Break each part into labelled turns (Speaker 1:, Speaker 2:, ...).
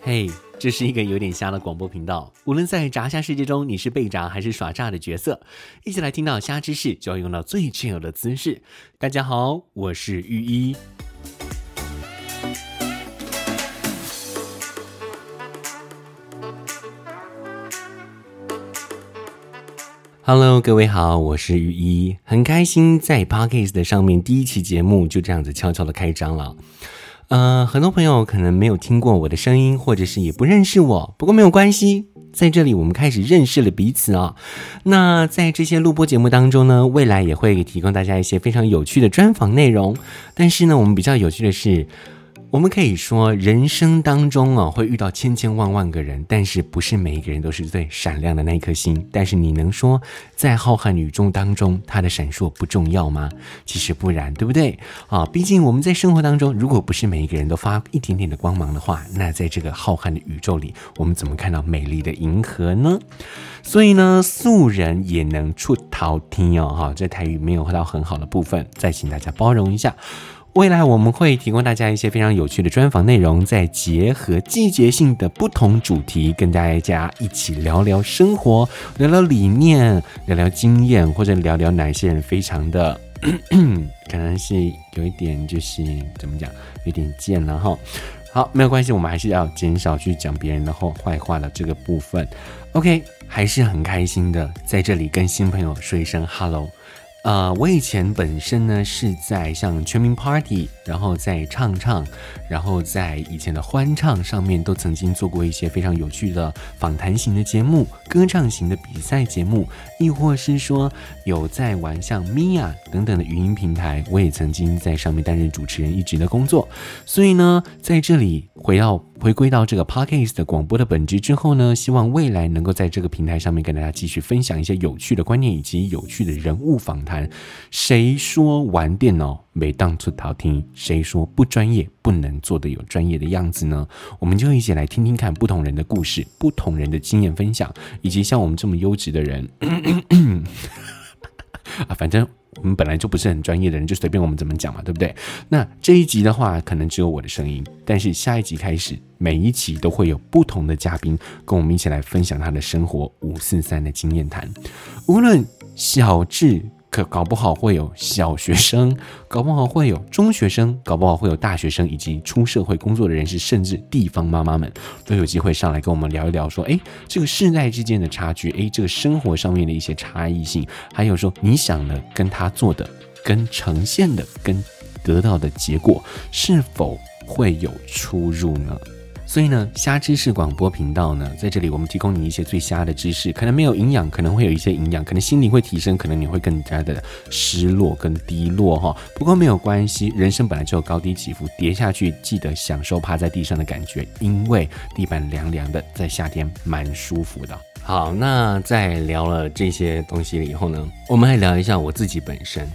Speaker 1: 嘿，這是一個有點蝦的廣播頻道。無論在炸蝦世界中，你是被炸還是耍詐的角色，一起來聽到蝦芝士就要用到最正確的姿勢。大家好，我是鬱醫。Hello，各位好，我是鬱醫，很開心在 Podcast 的上面第一期節目就這樣子悄悄的開張了。呃，很多朋友可能沒有聽過我的聲音，或者是也不認識我，不過沒有關係，在這裡我們開始認識了彼此啊、哦。那在這些錄播節目當中呢，未來也會提供大家一些非常有趣的專訪內容。但是呢，我們比較有趣的是。我們可以說，人生當中啊，會遇到千千萬萬個人，但是不是每一個人都是最閃亮的那顆星。但是你能說，在浩瀚宇宙當中，它的閃爍不重要嗎？其實不然，對不對？啊，畢竟我們在生活當中，如果不是每一個人都發一點點的光芒的話，那在這個浩瀚的宇宙裡，我們怎麼看到美麗的銀河呢？所以呢，素人也能出頭天哦，哈，這台語沒有回到很好的部分，再請大家包容一下。未來我們會提供大家一些非常有趣的專訪內容，再結合季節性的不同主題，跟大家一起聊聊生活，聊聊理念，聊聊經驗，或者聊聊哪些人非常的，咳咳可能是有一點就是怎麼講，有點賤了哈。好，沒有關係，我們還是要減少去講別人的壞壞話的這個部分。OK，還是很開心的在這裡跟新朋友說一聲 Hello。呃，我以前本身呢是在像全民 Party，然後在唱唱，然後在以前的歡唱上面都曾經做過一些非常有趣的訪談型的節目、歌唱型的比賽節目，亦或是說有在玩像 Mia 等等的語音平台，我也曾經在上面擔任主持人一職的工作，所以呢，在這裡回到。回歸到這個 podcast 的廣播的本質之後呢，希望未來能夠在這個平台上面跟大家繼續分享一些有趣的觀念以及有趣的人物訪談。誰說玩電腦沒檔次、沒聽？誰說不專業不能做得有專業的樣子呢？我們就一起來聽聽看不同人的故事、不同人的經驗分享，以及像我們這麼優質的人。咳咳咳啊，反正我們本來就不是很專業的人，就隨便我們怎麼講嘛，對不對？那這一集的話，可能只有我的聲音，但是下一集開始，每一集都會有不同的嘉賓跟我們一起來分享他的生活五四三的經驗談，無論小智。可搞不好會有小學生，搞不好會有中學生，搞不好會有大學生，以及出社會工作的人士，甚至地方媽媽們都有機會上來跟我們聊一聊，說，哎，這個世代之間的差距，哎，這個生活上面的一些差異性，還有說，你想的跟他做的、跟呈現的、跟得到的結果是否會有出入呢？所以呢，蝦知識廣播頻道呢，在這裡我們提供你一些最瞎的知識，可能沒有營養，可能會有一些營養，可能心靈會提升，可能你會更加的失落跟低落哈、哦。不過沒有關係，人生本來就有高低起伏，跌下去記得享受趴在地上的感覺，因為地板涼涼的，在夏天蠻舒服的。好，那在聊了這些東西以後呢，我們還聊一下我自己本身。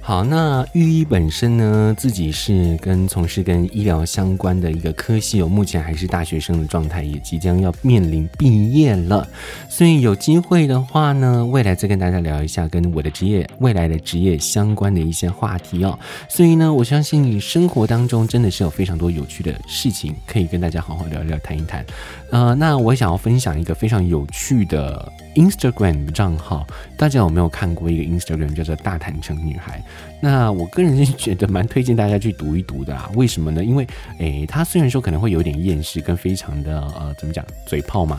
Speaker 1: 好，那鬱醫本身呢，自己是跟從事跟醫療相關的一個科系，哦，有目前還是大學生的狀態，也即將要面臨畢業了，所以有機會的話呢，未來再跟大家聊一下跟我的職業、未來的職業相關的一些話題哦。所以呢，我相信你生活當中真的是有非常多有趣的事情可以跟大家好好聊聊、談一談。呃，那我想要分享一個非常有趣的。Instagram 的賬號，大家有沒有看過一個 Instagram 叫做“大坦誠女孩”？那我個人是覺得蠻推薦大家去讀一讀的啊！為什麼呢？因為，誒、欸，她雖然說可能會有點厭世，跟非常的呃，怎麼講，嘴炮嘛。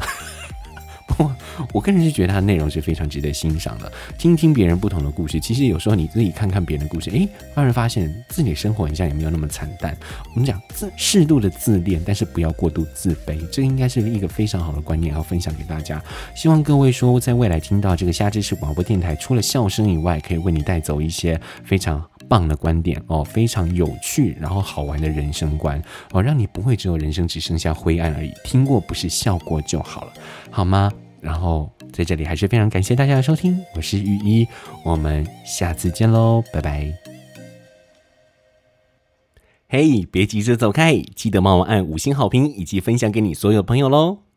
Speaker 1: 我我個人是覺得它的內容是非常值得欣賞的，聽聽別人不同的故事，其實有時候你自己看看別人的故事，誒，讓人發現自己的生活好像也沒有那麼慘淡。我們講自適度的自戀，但是不要過度自卑，這應該是一個非常好的觀念，要分享給大家。希望各位說在未來聽到這個蝦芝士廣播電台，除了笑聲以外，可以為你帶走一些非常棒的觀點哦，非常有趣然後好玩的人生觀哦，讓你不會只有人生只剩下灰暗而已。聽過不是笑過就好了，好嗎？然後在這裡還是非常感謝大家的收聽，我是鬱醫，我們下次見嘍，拜拜。嘿，hey, 別急着走開，記得幫我按五星好評以及分享給你所有朋友嘍。